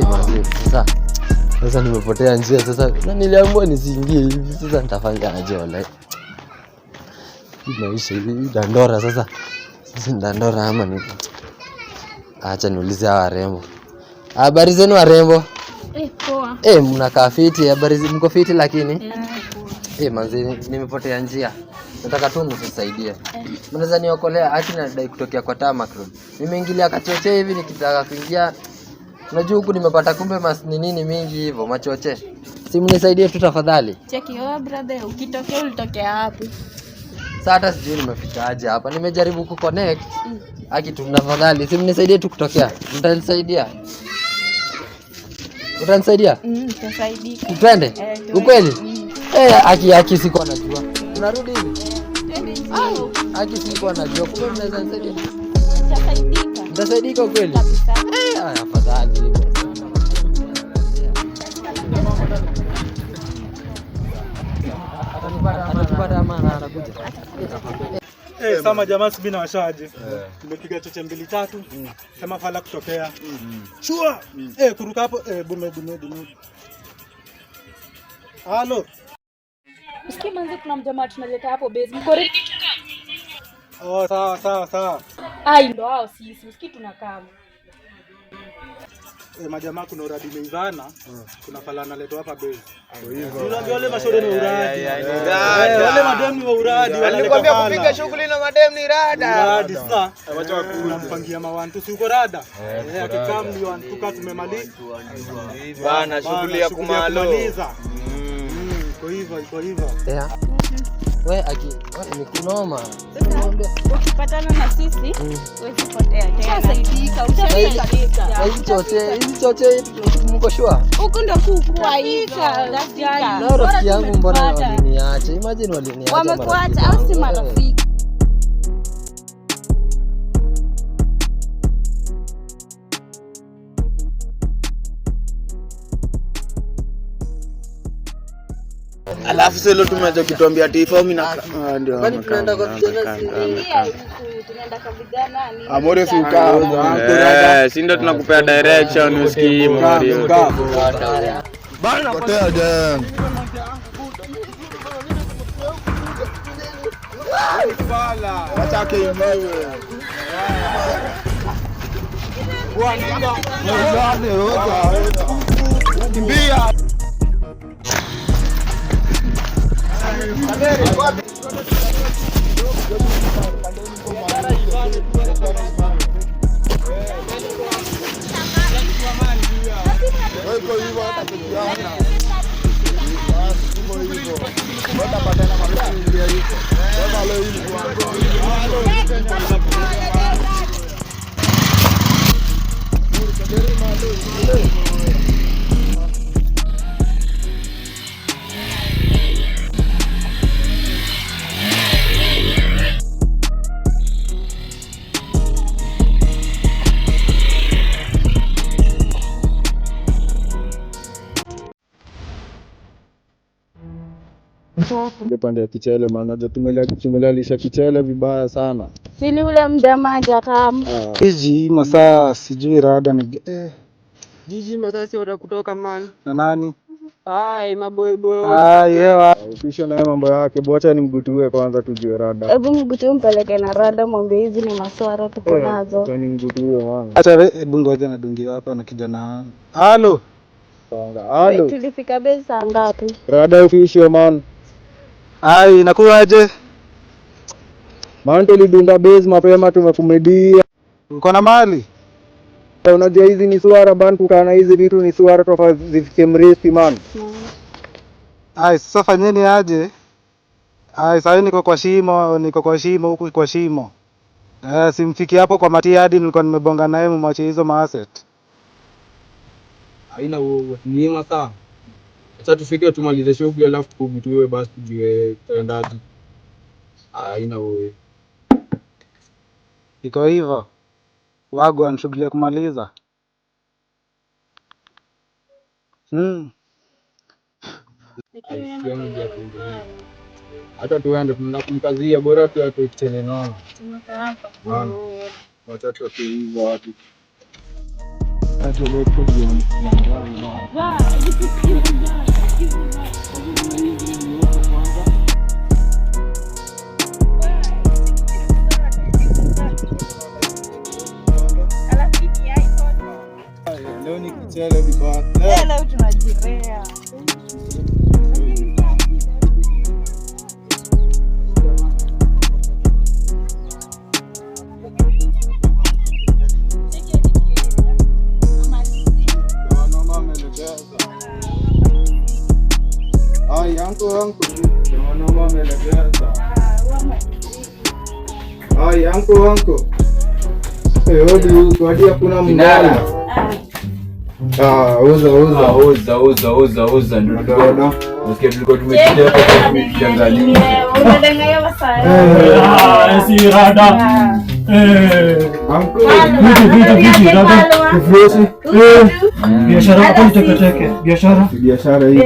sasa sasa nimepotea njia sasa, na niliambiwa nisiingie hivi. Sasa nitafanya aje? Wala maisha hii dandora. Sasa sasa ndandora ama ni acha niulize hawa warembo. Habari zenu warembo? Eh, poa. Eh, mnakaa fiti? Habari zenu, mko fiti lakini? Eh, eh, manzi nimepotea njia. Nataka tu mnisaidie. Eh. Mnaweza niokolea? Haki nadai kutokea kwa Tamakron. Nimeingilia kachochee hivi nikitaka kuingia Unajua huku nimepata kumbe mas ni nini mingi hivyo machoche. Simu nisaidie tu tafadhali. Cheki oh brother, ukitokea ulitokea wapi? Sasa hata sijui nimefika aje hapa. Nimejaribu kuconnect. Mm. Aki tu tafadhali, simu nisaidie tu kutokea. Nitasaidia. Utanisaidia? Mm, utasaidika. Twende. Eh, ukweli? Mm. Eh, aki aki siko anajua. Tunarudi hivi. Eh, twende. Aki siko najua. Kumbe mnaweza nisaidia. Nitasaidika kweli? Afadhali. Hey, eh, sama jamaa sibi na washaji tumepiga cheche mbili tatu, mm. sema fala kutokea mm. Chua mm. eh, kuruka hapo eh, bume bume bume. Halo. Msikie manzi, kuna mjamaa tunaleta hapo base. Mko ready? Oh, sawa sawa sawa. Ai, ndo hao sisi msikii tunakama e, eh, majamaa kuna uradi mingana hmm. kuna falana leto hapa be wale mashore ni uradi wale madem ni uradi eh, alikwambia yaani kupiga shughuli na madem ni rada uradi sasa eh, wacha mpangia mawantu si uko rada akikaa mli wantu kaa tumemaliza bana shughuli ya kumaliza mm. Mm, kwa hivyo kwa hivyo yeah we ni kunoma. Ukipatana na sisi hizi chote hizi chote mko shua Huko ndo kukua hika. kukuaika rafiki yangu, mbona waliniacha? Imagine waliniacha, wamekuacha au si marafiki Alafu sasa hilo tumechokituambia taifa mimi na ah, ah, ndio. Bali tunaenda kwa vijana Amore si ukaa. Eh, si ndio tunakupea ah, direction usikii Amore. Bana potea jana. Bala. Acha kaimewe. Bwana. Bwana. Kimbia. Hey, mtoto pande ya kichele, maana tumelalisha kichele vibaya sana, sili ule maji atamu hizi ah. masaa sijui rada ni eh. Jiji masaa si watakutoka mali na nani Hai, maboyboy. ai yewa. Eh, upisho na mambo yake, bwacha ni mgutue kwanza tujue rada. Hebu mgutue mpeleke na rada mwambie hizi ni maswara tuko eh, nazo. Kwa ni mgutue mwana. Acha hebu ngoja na dungi hapa na kijana. Halo. Halo. Tulifika besa ngapi? Rada upisho man. Ai, inakuwaje? Maana tulidunda base mapema tumekumedia. Uko na mali? Eh, unajua hizi ni swara bana, tukana hizi vitu ni swara tofa zifike mrefu man. Ai, sasa fanyeni aje? Ai, sasa niko kwa shimo, niko kwa shimo huku kwa shimo. Eh, simfiki hapo kwa mati hadi nilikuwa nimebonga naye mwache hizo maaset. Haina wewe. Ni sawa. Sasa tufike tumalize shughuli alafu tujue basi tujue tutaendaje. Aina wewe. Iko hivyo. wago ana shughuli ya kumaliza. Hmm. Hata tuende tunakumkazia bora tu atoitele nono. Tumeka hapa. Watu watu hivyo watu. Congratulations, you are right. Wow, you can Hey, anko anko. Hey, odi hakuna mgala. Ah, oza oza oza ah, oza oza oza ndio. Nasikia tulikuwa tumecheza hapo tumechanganyika. Unadanganya wasaya. Eh. Ah, si rada. Ah. Eh, anko. Vitu vitu vitu rada. Kifusi. Eh. Mm. Biashara hapo ni Biashara. Biashara hii.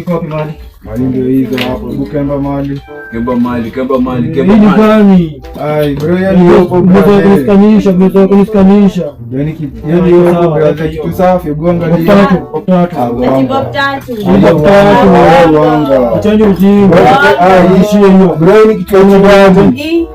Iko wapi mali? Mali ndio hizo hapo. Hebu kemba mali. Kemba mali, kemba mali, kemba mali. Ni kwani? Ai, bro ya ni kunisikanisha, eh. mtoto kunisikanisha. Yaani kitu hiyo hapo ya kitu safi, gonga ndio. Tatu, tatu. Gonga ah, tatu. Gonga tatu. Gonga. Chanjo ujinga. Ai, ishi hiyo. Bro ni kitu cha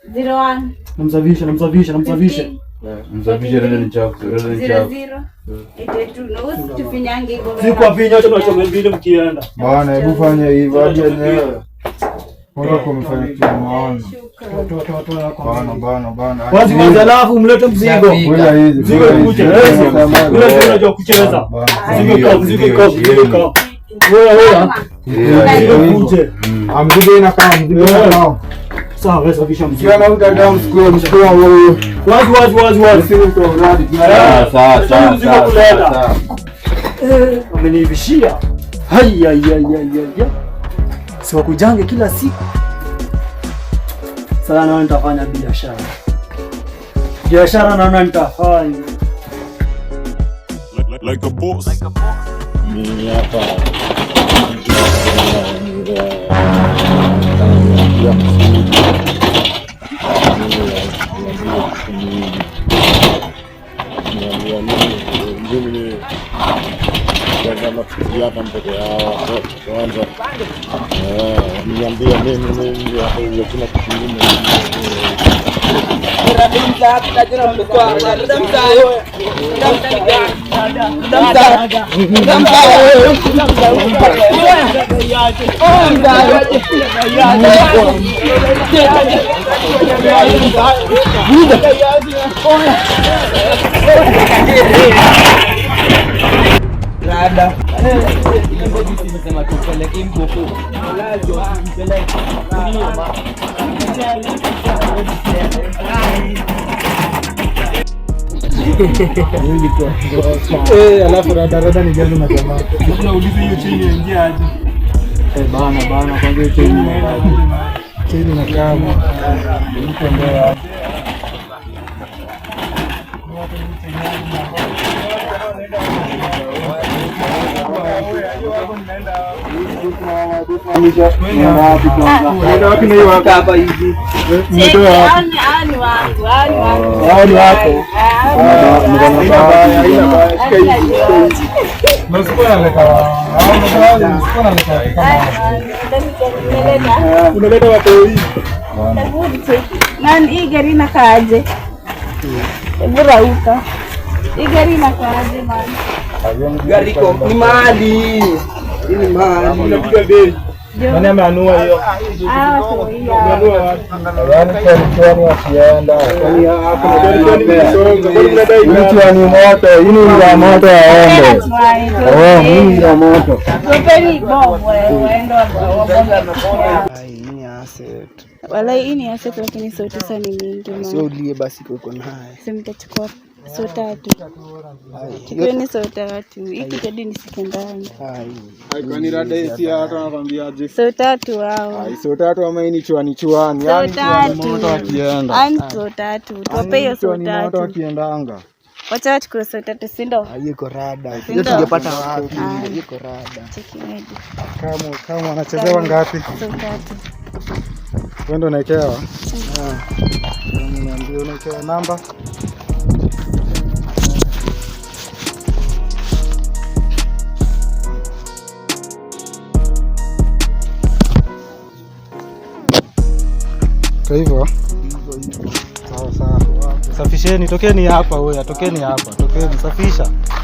Namzavisha, namzavisha, namzavisha. Bwana, hebu fanya hivyo aje enyewe. Alafu mlete mzigo. Unajua kucheza. Mzigo kuje. Mm. Sawa, safisha amenivishia. Hai Si wakujange kila siku. Sasa naona nitafanya biashara. Biashara naona nitafanya. Like a boss. Like a boss. Mimi hapa. lahat na dyan ang bukwa. Dam tayo. Dam tayo. Dam tayo. Dam tayo. Dam tayo. Dam tayo. Dam tayo. Dam tayo. Nasema tupeleke mbuku alafu radarada ni chini na kama mtu unaleta watoi nani hii gari inakaaje? Hebu rauka hii gari inakaaje? Gari ni mali Mchwa ah, ah, yaani, yaani, ah, yaani, ni moto, ini ya moto ya moto. Walai, hii ni asset lakini sauti sana ni mingi. Sio ulie basi uko naye. Simtachukua So tatu kipeni, so tatu hiki kadi ni sekondari. So tatu hao, so tatu ama ni chwani chwani, yani moto akienda, yani so tatu tuwape hiyo so tatu, moto akiendanga Wacha wachukue so tatu si ndo? Yuko rada. Hiyo tungepata ah, wapi? Yuko rada. Cheki Kama kama anachezewa ngapi? So tatu. Wewe ndo unaikewa? Mm. Ah. Mimi naambia namba sasa hivyo. Sawa sawa, safisheni, tokeni hapa wewe, tokeni hapa, tokeni safisha.